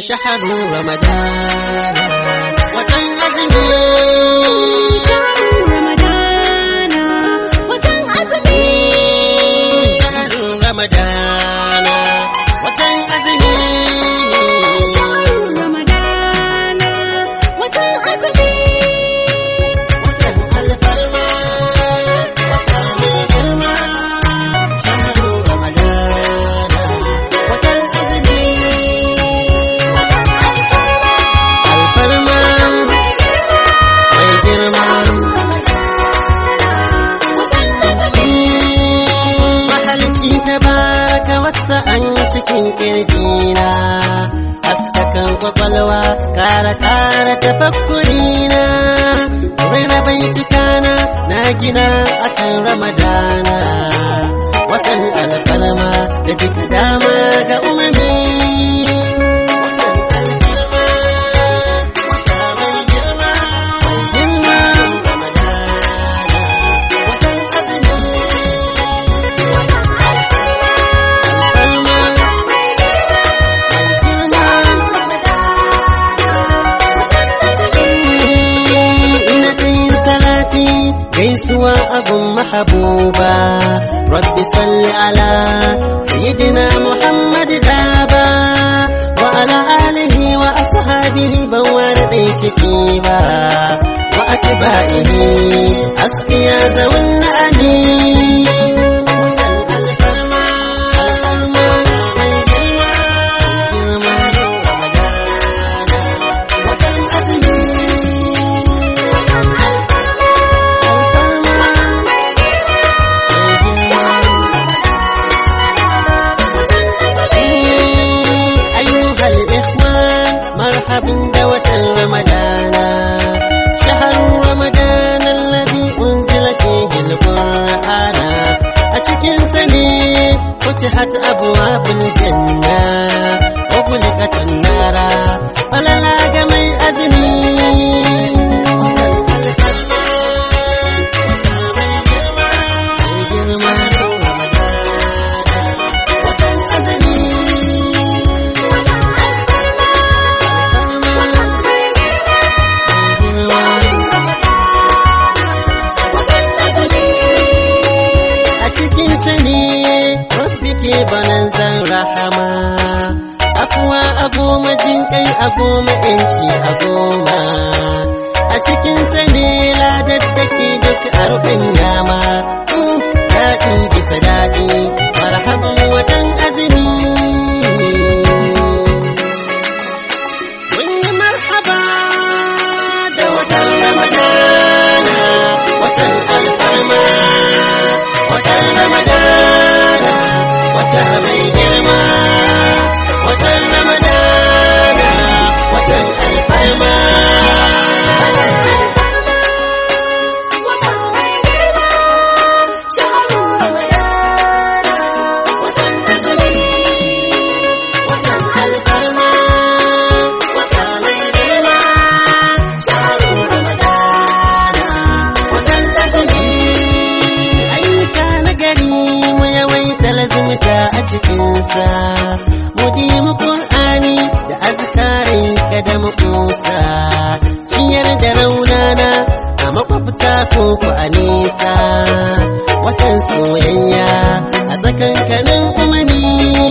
شهر رمضان وطن أزمي شهر kara kara tafakkuri na na bincika na na gina akan ramadana watan alfarma da duka dama أم حبوبا رب صل على سيدنا محمد دابا وعلى آله وأصحابه بوار بوالدي شكيما وأتباعه أسقيا ذوي abin da watan ramadana shaharun ramadana alladhi unzila fihi alqur'ana a cikin sani futihat abwabul janna ci a goma a cikin sani ke duk a rufin dama hmm, daɗin bisa daɗi marhaban wajen makwabta ko ku a nisa watan soyayya a tsakankanin umarni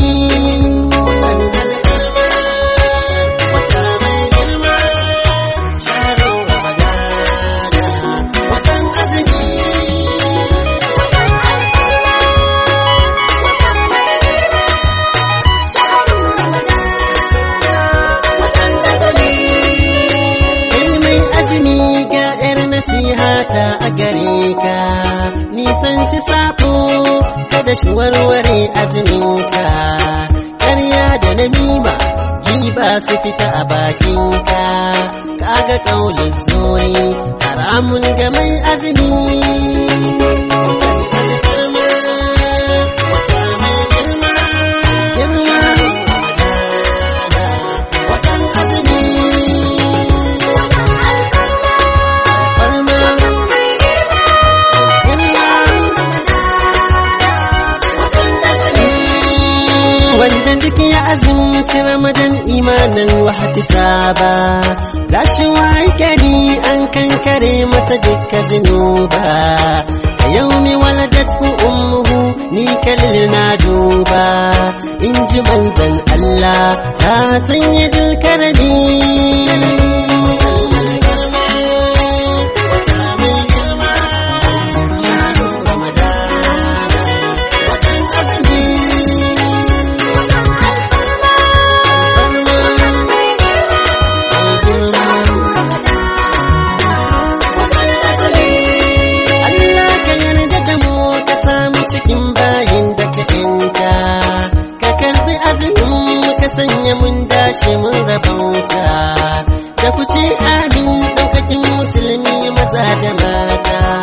kusanci sabo kada shi warware azuminka karya da namima giba su fita a bakinka kaga kaulin zuri haramun ga ramadan imanin saba za shi wai gari an kankare masa dukkan zinuba a waladat ku ummuhu ni kalil na duba in ji manzan Allah ta sanya dulkarami bauta da ku ci amin ɗaukakin musulmi maza da mata